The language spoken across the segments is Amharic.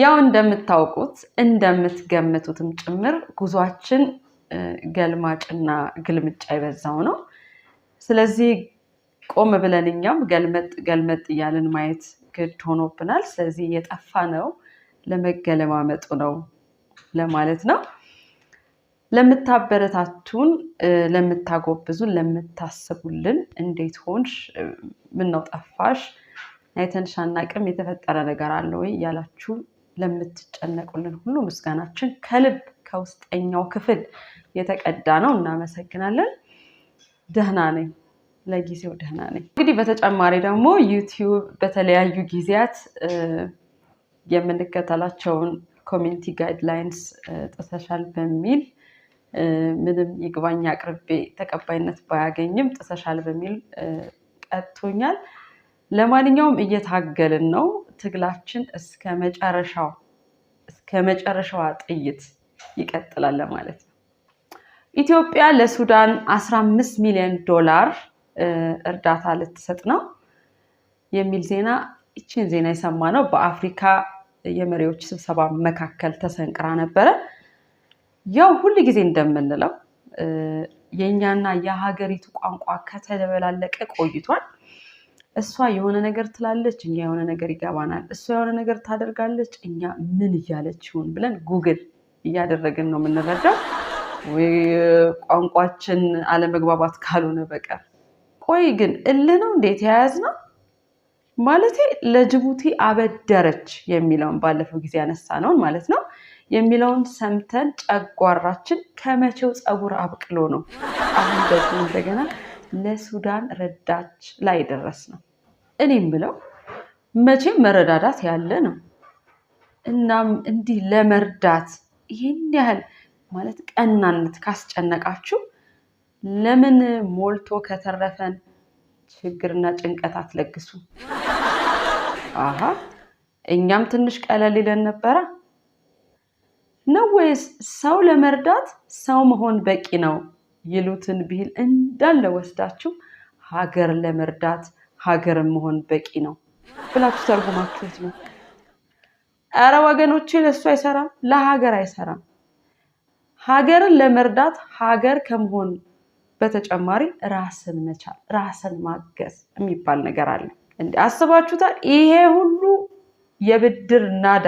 ያው እንደምታውቁት እንደምትገምቱትም ጭምር ጉዟችን ገልማጭና ግልምጫ የበዛው ነው። ስለዚህ ቆም ብለን እኛም ገልመጥ ገልመጥ እያልን ማየት ግድ ሆኖብናል። ስለዚህ የጠፋ ነው ለመገለማመጡ ነው ለማለት ነው። ለምታበረታቱን፣ ለምታጎብዙን፣ ለምታስቡልን እንዴት ሆንሽ፣ ምነው ጠፋሽ፣ አይተንሽ አናቅም፣ የተፈጠረ ነገር አለ ወይ እያላችሁ ለምትጨነቁልን ሁሉ ምስጋናችን ከልብ ከውስጠኛው ክፍል የተቀዳ ነው። እናመሰግናለን። ደህና ነኝ፣ ለጊዜው ደህና ነኝ። እንግዲህ በተጨማሪ ደግሞ ዩቲዩብ በተለያዩ ጊዜያት የምንከተላቸውን ኮሚኒቲ ጋይድላይንስ ጥሰሻል በሚል ምንም ይግባኝ አቅርቤ ተቀባይነት ባያገኝም ጥሰሻል በሚል ቀጥቶኛል። ለማንኛውም እየታገልን ነው። ትግላችን እስከ መጨረሻው እስከ መጨረሻዋ ጥይት ይቀጥላል ማለት ነው። ኢትዮጵያ ለሱዳን 15 ሚሊዮን ዶላር እርዳታ ልትሰጥ ነው የሚል ዜና ይችን ዜና የሰማ ነው በአፍሪካ የመሪዎች ስብሰባ መካከል ተሰንቅራ ነበረ። ያው ሁል ጊዜ እንደምንለው የእኛና የሀገሪቱ ቋንቋ ከተደበላለቀ ቆይቷል። እሷ የሆነ ነገር ትላለች፣ እኛ የሆነ ነገር ይገባናል። እሷ የሆነ ነገር ታደርጋለች፣ እኛ ምን እያለች ይሆን ብለን ጉግል እያደረግን ነው የምንረዳው ቋንቋችን አለመግባባት ካልሆነ በቀር። ቆይ ግን እልህ ነው እንዴት የያዝ ነው ማለቴ ለጅቡቲ አበደረች የሚለውን ባለፈው ጊዜ ያነሳ ነውን ማለት ነው የሚለውን ሰምተን ጨጓራችን ከመቼው ፀጉር አብቅሎ ነው አሁን ደግሞ እንደገና ለሱዳን ረዳች ላይ ደረስ ነው። እኔ የምለው መቼም መረዳዳት ያለ ነው። እናም እንዲህ ለመርዳት ይህን ያህል ማለት ቀናነት ካስጨነቃችሁ ለምን ሞልቶ ከተረፈን ችግርና ጭንቀት አትለግሱ? አሀ እኛም ትንሽ ቀለል ይለን ነበረ። ነው ወይስ ሰው ለመርዳት ሰው መሆን በቂ ነው ይሉትን ብሂል እንዳለ ወስዳችሁ ሀገር ለመርዳት ሀገርን መሆን በቂ ነው ብላችሁ ተርጉማችሁት ነው። ኧረ ወገኖቼ ለእሱ አይሰራም፣ ለሀገር አይሰራም። ሀገርን ለመርዳት ሀገር ከመሆን በተጨማሪ ራስን መቻል፣ ራስን ማገዝ የሚባል ነገር አለ። እንደ አስባችሁታል? ይሄ ሁሉ የብድር ናዳ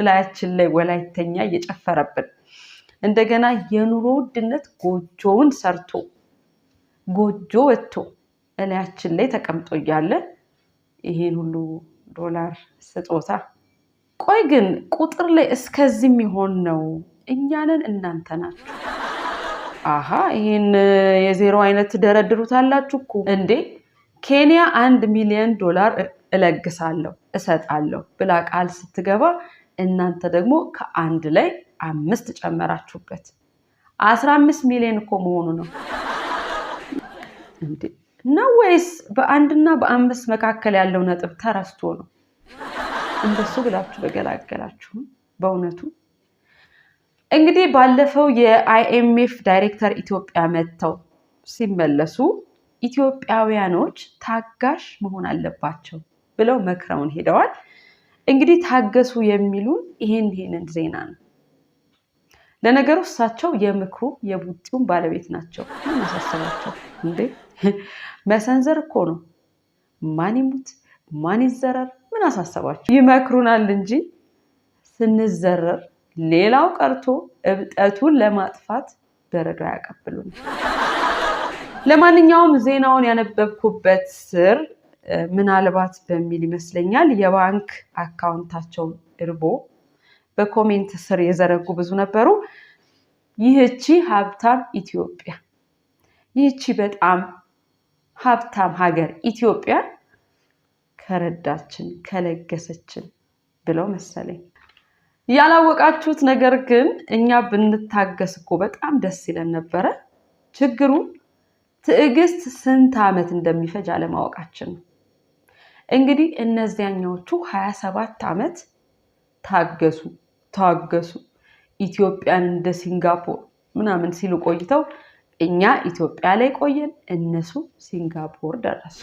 እላያችን ላይ ወላይተኛ እየጨፈረብን እንደገና የኑሮ ውድነት ጎጆውን ሰርቶ ጎጆ ወጥቶ እላያችን ላይ ተቀምጦ እያለ ይሄን ሁሉ ዶላር ስጦታ። ቆይ ግን ቁጥር ላይ እስከዚህ የሚሆን ነው እኛንን እናንተ ናችሁ። አሀ ይህን የዜሮ አይነት ትደረድሩታላችሁ እኮ እንዴ! ኬንያ አንድ ሚሊዮን ዶላር እለግሳለሁ እሰጣለሁ ብላ ቃል ስትገባ እናንተ ደግሞ ከአንድ ላይ አምስት ጨመራችሁበት። አስራ አምስት ሚሊዮን እኮ መሆኑ ነው እንዴ! ነው ወይስ በአንድና በአምስት መካከል ያለው ነጥብ ተረስቶ ነው? እንደሱ ብላችሁ በገላገላችሁ በእውነቱ እንግዲህ ባለፈው የአይኤምኤፍ ዳይሬክተር ኢትዮጵያ መጥተው ሲመለሱ ኢትዮጵያውያኖች ታጋሽ መሆን አለባቸው ብለው መክረውን ሄደዋል። እንግዲህ ታገሱ የሚሉን ይሄን ይሄንን ዜና ነው። ለነገሩ እሳቸው የምክሩ የቡጢውን ባለቤት ናቸው። ምን አሳሰባቸው እንዴ? መሰንዘር እኮ ነው። ማን ይሙት ማን ይዘረር ምን አሳሰባቸው? ይመክሩናል እንጂ ስንዘረር፣ ሌላው ቀርቶ እብጠቱን ለማጥፋት በረዶ ያቀብሉን። ለማንኛውም ዜናውን ያነበብኩበት ስር ምናልባት በሚል ይመስለኛል የባንክ አካውንታቸውን እርቦ በኮሜንት ስር የዘረጉ ብዙ ነበሩ። ይህቺ ሀብታም ኢትዮጵያ ይህቺ በጣም ሀብታም ሀገር ኢትዮጵያ ከረዳችን ከለገሰችን ብለው መሰለኝ። ያላወቃችሁት ነገር ግን እኛ ብንታገስ እኮ በጣም ደስ ይለን ነበረ። ችግሩ ትዕግስት ስንት ዓመት እንደሚፈጅ አለማወቃችን ነው። እንግዲህ እነዚያኛዎቹ ሀያ ሰባት ዓመት ታገሱ ታገሱ ኢትዮጵያን እንደ ሲንጋፖር ምናምን ሲሉ ቆይተው እኛ ኢትዮጵያ ላይ ቆየን፣ እነሱ ሲንጋፖር ደረሱ።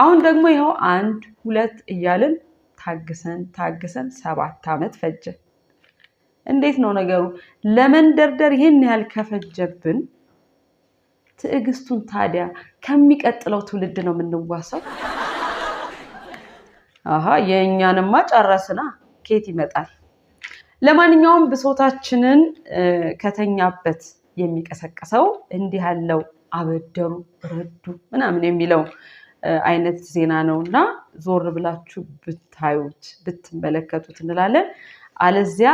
አሁን ደግሞ ይኸው አንድ ሁለት እያልን ታግሰን ታግሰን ሰባት ዓመት ፈጀ። እንዴት ነው ነገሩ? ለመንደርደር ይህን ያህል ከፈጀብን ትዕግስቱን ታዲያ ከሚቀጥለው ትውልድ ነው የምንዋሰው? አሀ የእኛንማ ጨረስና ኬት ይመጣል። ለማንኛውም ብሶታችንን ከተኛበት የሚቀሰቅሰው እንዲህ ያለው አበደሩ፣ ረዱ ምናምን የሚለው አይነት ዜና ነው እና ዞር ብላችሁ ብታዩት ብትመለከቱት እንላለን። አለዚያ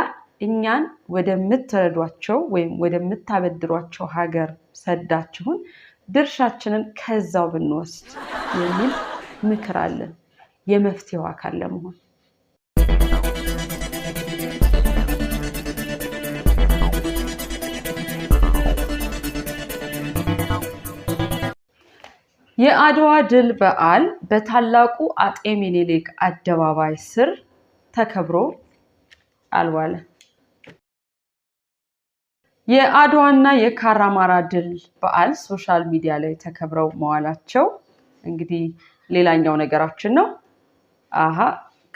እኛን ወደምትረዷቸው ወይም ወደምታበድሯቸው ሀገር ሰዳችሁን ድርሻችንን ከዛው ብንወስድ የሚል ምክር አለን የመፍትሄው አካል ለመሆን የአድዋ ድል በዓል በታላቁ አጤ ሚኒሊክ አደባባይ ስር ተከብሮ አልዋለ። የአድዋና የካራማራ ድል በዓል ሶሻል ሚዲያ ላይ ተከብረው መዋላቸው እንግዲህ ሌላኛው ነገራችን ነው። አሀ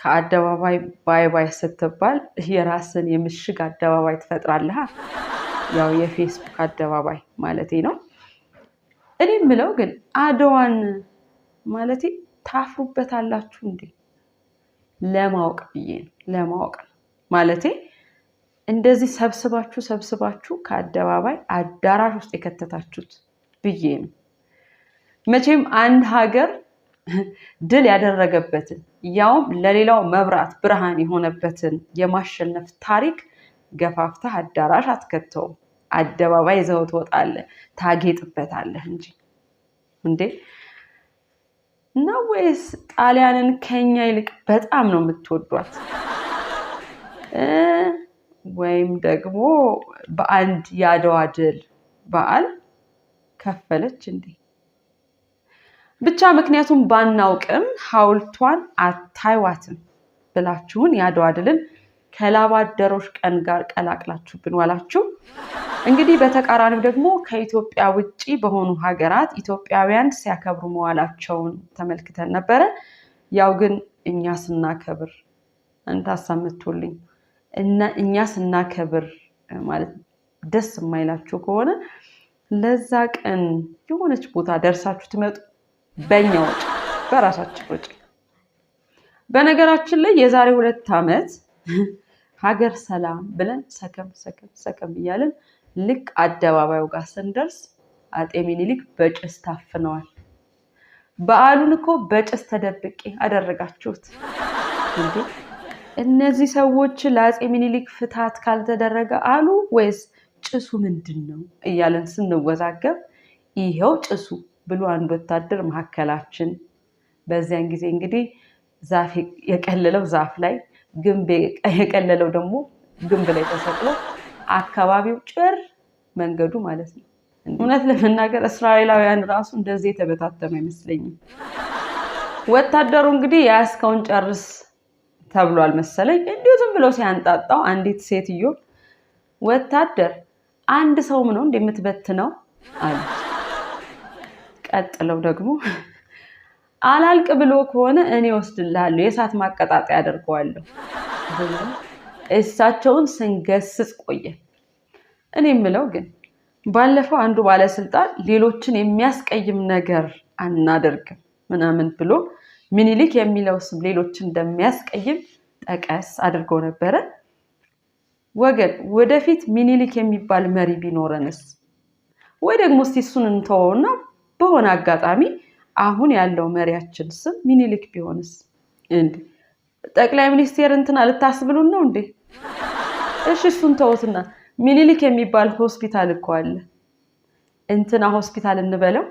ከአደባባይ ባይ ባይ ስትባል የራስን የምሽግ አደባባይ ትፈጥራለህ። ያው የፌስቡክ አደባባይ ማለት ነው። እኔ የምለው ግን አድዋን ማለት ታፍሩበታላችሁ እንዴ? ለማወቅ ብዬ ነው። ለማወቅ ነው ማለቴ እንደዚህ ሰብስባችሁ ሰብስባችሁ ከአደባባይ አዳራሽ ውስጥ የከተታችሁት ብዬ ነው። መቼም አንድ ሀገር ድል ያደረገበትን ያውም ለሌላው መብራት ብርሃን የሆነበትን የማሸነፍ ታሪክ ገፋፍተህ አዳራሽ አትከተውም። አደባባይ ይዘው ትወጣለህ፣ ታጌጥበታለህ እንጂ እንዴ እና ወይስ ጣሊያንን ከኛ ይልቅ በጣም ነው የምትወዷት? ወይም ደግሞ በአንድ የአድዋ ድል በዓል ከፈለች እንዴ? ብቻ ምክንያቱም ባናውቅም ሐውልቷን አታይዋትም ብላችሁን የአድዋ ድልን ከላባደሮች ቀን ጋር ቀላቅላችሁብን ዋላችሁ። እንግዲህ በተቃራኒው ደግሞ ከኢትዮጵያ ውጭ በሆኑ ሀገራት ኢትዮጵያውያን ሲያከብሩ መዋላቸውን ተመልክተን ነበረ። ያው ግን እኛ ስናከብር እንታሳምቶልኝ እና እኛ ስናከብር ማለት ደስ የማይላችሁ ከሆነ ለዛ ቀን የሆነች ቦታ ደርሳችሁ ትመጡ በእኛ ወጪ፣ በራሳችን ወጪ። በነገራችን ላይ የዛሬ ሁለት ዓመት ሀገር ሰላም ብለን ሰከም ሰከም ሰከም እያለን ልክ አደባባዩ ጋር ስንደርስ አጤ ሚኒሊክ በጭስ ታፍነዋል። በዓሉን እኮ በጭስ ተደብቄ አደረጋችሁት። እነዚህ ሰዎች ለአፄ ሚኒሊክ ፍትሐት ካልተደረገ አሉ ወይስ ጭሱ ምንድን ነው እያለን ስንወዛገብ ይኸው ጭሱ ብሎ አንድ ወታደር መካከላችን። በዚያን ጊዜ እንግዲህ ዛፍ የቀለለው ዛፍ ላይ፣ ግንብ የቀለለው ደግሞ ግንብ ላይ ተሰቅሎ አካባቢው ጭር መንገዱ ማለት ነው። እውነት ለመናገር እስራኤላውያን ራሱ እንደዚህ የተበታተመ አይመስለኝም። ወታደሩ እንግዲህ የያዝከውን ጨርስ ተብሏል መሰለኝ። እንዲሁ ዝም ብሎ ሲያንጣጣው አንዲት ሴትዮ ወታደር አንድ ሰው ምነው እንደምትበትነው አሉ። ቀጥለው ደግሞ አላልቅ ብሎ ከሆነ እኔ ወስድልሃለሁ፣ የእሳት ማቀጣጠያ አደርገዋለሁ። እሳቸውን ስንገስጽ ቆየ። እኔ የምለው ግን ባለፈው አንዱ ባለስልጣን ሌሎችን የሚያስቀይም ነገር አናደርግም ምናምን ብሎ ምኒልክ የሚለው ስም ሌሎችን እንደሚያስቀይም ጠቀስ አድርጎ ነበረ። ወገን ወደፊት ምኒልክ የሚባል መሪ ቢኖረንስ? ወይ ደግሞ እስቲ እሱን እንተወውና በሆነ አጋጣሚ አሁን ያለው መሪያችን ስም ምኒልክ ቢሆንስ? እንዲህ ጠቅላይ ሚኒስቴር እንትና ልታስብሉን ነው እንዴ? እሺ እሱን ተውትና ሚኒሊክ የሚባል ሆስፒታል እኮ አለ። እንትና ሆስፒታል እንበለው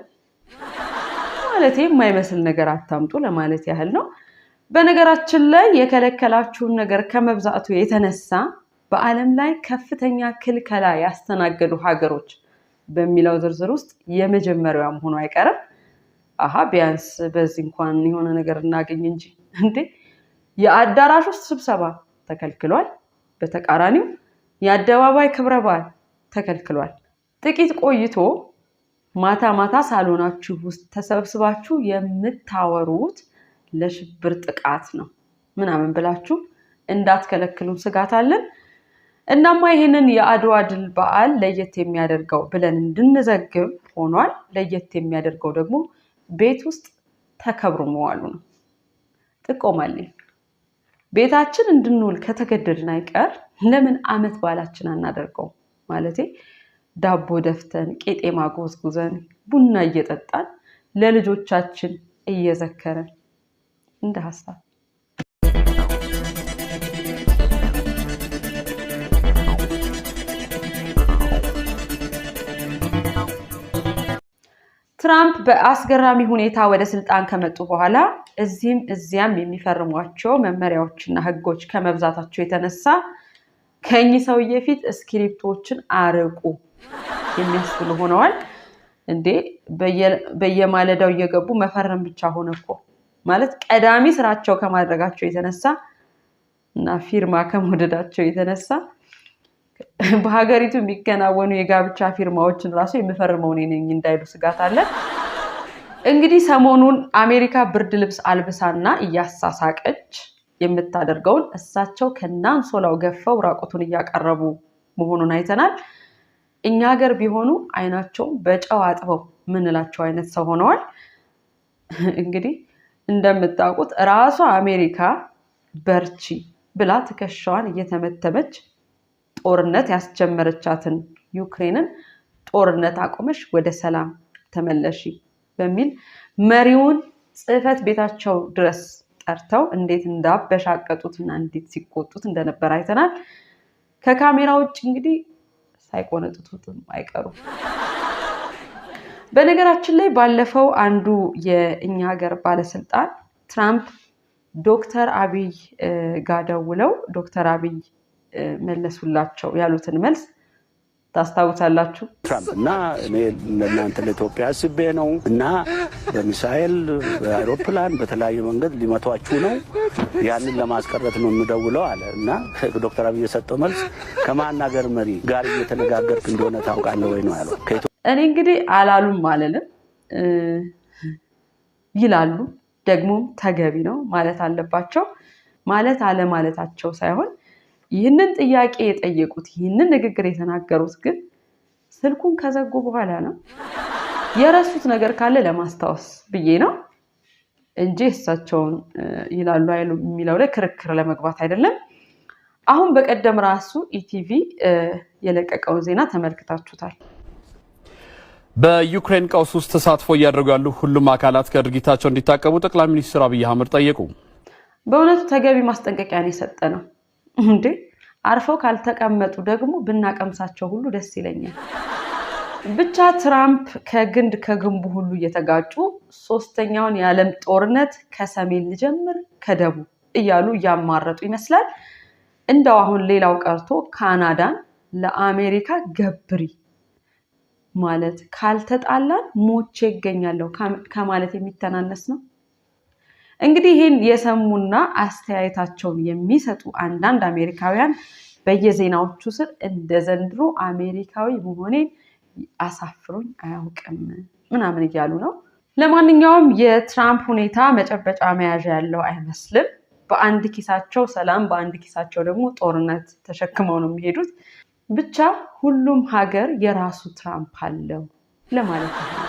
ማለት የማይመስል ነገር አታምጡ ለማለት ያህል ነው። በነገራችን ላይ የከለከላችሁን ነገር ከመብዛቱ የተነሳ በዓለም ላይ ከፍተኛ ክልከላ ያስተናገዱ ሀገሮች በሚለው ዝርዝር ውስጥ የመጀመሪያዋ መሆኑ አይቀርም። አሀ ቢያንስ በዚህ እንኳን የሆነ ነገር እናገኝ እንጂ እንዴ የአዳራሽ ውስጥ ስብሰባ ተከልክሏል። በተቃራኒው የአደባባይ ክብረ በዓል ተከልክሏል። ጥቂት ቆይቶ ማታ ማታ ሳሎናችሁ ውስጥ ተሰብስባችሁ የምታወሩት ለሽብር ጥቃት ነው ምናምን ብላችሁ እንዳትከለክሉም ስጋት አለን። እናማ ይህንን የአድዋ ድል በዓል ለየት የሚያደርገው ብለን እንድንዘግብ ሆኗል። ለየት የሚያደርገው ደግሞ ቤት ውስጥ ተከብሮ መዋሉ ነው። ጥቆማለኝ ቤታችን እንድንውል ከተገደድን አይቀር ለምን አመት በዓላችን አናደርገው ማለቴ ዳቦ ደፍተን ቄጤማ ጎዝጉዘን ቡና እየጠጣን ለልጆቻችን እየዘከረን እንደ ሀሳብ ትራምፕ በአስገራሚ ሁኔታ ወደ ስልጣን ከመጡ በኋላ እዚህም እዚያም የሚፈርሟቸው መመሪያዎችና ህጎች ከመብዛታቸው የተነሳ ከእኚህ ሰውዬ ፊት እስክሪፕቶችን አርቁ የሚያስብሉ ሆነዋል። እንዴ በየማለዳው እየገቡ መፈረም ብቻ ሆነ እኮ ማለት ቀዳሚ ስራቸው ከማድረጋቸው የተነሳ እና ፊርማ ከመውደዳቸው የተነሳ በሀገሪቱ የሚከናወኑ የጋብቻ ፊርማዎችን ራሱ የምፈርመው እኔ ነኝ እንዳይሉ ስጋት አለ። እንግዲህ ሰሞኑን አሜሪካ ብርድ ልብስ አልብሳና እያሳሳቀች የምታደርገውን እሳቸው ከናን ሶላው ገፈው ራቁቱን እያቀረቡ መሆኑን አይተናል። እኛ ሀገር ቢሆኑ አይናቸውን በጨው አጥበው ምንላቸው አይነት ሰው ሆነዋል። እንግዲህ እንደምታውቁት ራሷ አሜሪካ በርቺ ብላ ትከሻዋን እየተመተመች ጦርነት ያስጀመረቻትን ዩክሬንን ጦርነት አቆመሽ፣ ወደ ሰላም ተመለሺ በሚል መሪውን ጽህፈት ቤታቸው ድረስ ጠርተው እንዴት እንዳበሻቀጡትና እንዴት ሲቆጡት እንደነበር አይተናል። ከካሜራ ውጭ እንግዲህ ሳይቆነጥጡትም አይቀሩ በነገራችን ላይ ባለፈው አንዱ የእኛ ሀገር ባለስልጣን ትራምፕ ዶክተር አብይ ጋር ደውለው ዶክተር አብይ መለሱላቸው ያሉትን መልስ ታስታውሳላችሁ። ትራምፕ እና እኔ ለእናንተ ለኢትዮጵያ አስቤ ነው እና በሚሳይል በአይሮፕላን በተለያዩ መንገድ ሊመቷችሁ ነው፣ ያንን ለማስቀረት ነው የምደውለው አለ እና ዶክተር አብይ የሰጠው መልስ ከማን ሀገር መሪ ጋር እየተነጋገርክ እንደሆነ ታውቃለህ ወይ ነው ያለው። እኔ እንግዲህ አላሉም አልልም ይላሉ፣ ደግሞም ተገቢ ነው ማለት አለባቸው። ማለት አለማለታቸው ሳይሆን ይህንን ጥያቄ የጠየቁት ይህንን ንግግር የተናገሩት ግን ስልኩን ከዘጉ በኋላ ነው። የረሱት ነገር ካለ ለማስታወስ ብዬ ነው እንጂ እሳቸውን ይላሉ አይሉ የሚለው ላይ ክርክር ለመግባት አይደለም። አሁን በቀደም ራሱ ኢቲቪ የለቀቀውን ዜና ተመልክታችሁታል። በዩክሬን ቀውስ ውስጥ ተሳትፎ እያደረጉ ያሉ ሁሉም አካላት ከድርጊታቸው እንዲታቀቡ ጠቅላይ ሚኒስትር አብይ አህመድ ጠየቁ። በእውነቱ ተገቢ ማስጠንቀቂያን የሰጠ ነው። እንዴ አርፈው ካልተቀመጡ ደግሞ ብናቀምሳቸው ሁሉ ደስ ይለኛል። ብቻ ትራምፕ ከግንድ ከግንቡ ሁሉ እየተጋጩ ሶስተኛውን የዓለም ጦርነት ከሰሜን ልጀምር ከደቡብ እያሉ እያማረጡ ይመስላል። እንደው አሁን ሌላው ቀርቶ ካናዳን ለአሜሪካ ገብሪ ማለት ካልተጣላን ሞቼ ይገኛለሁ ከማለት የሚተናነስ ነው። እንግዲህ ይህን የሰሙና አስተያየታቸውን የሚሰጡ አንዳንድ አሜሪካውያን በየዜናዎቹ ስር እንደ ዘንድሮ አሜሪካዊ መሆኔን አሳፍሮኝ አያውቅም ምናምን እያሉ ነው። ለማንኛውም የትራምፕ ሁኔታ መጨበጫ መያዣ ያለው አይመስልም። በአንድ ኪሳቸው ሰላም፣ በአንድ ኪሳቸው ደግሞ ጦርነት ተሸክመው ነው የሚሄዱት። ብቻ ሁሉም ሀገር የራሱ ትራምፕ አለው ለማለት ነው።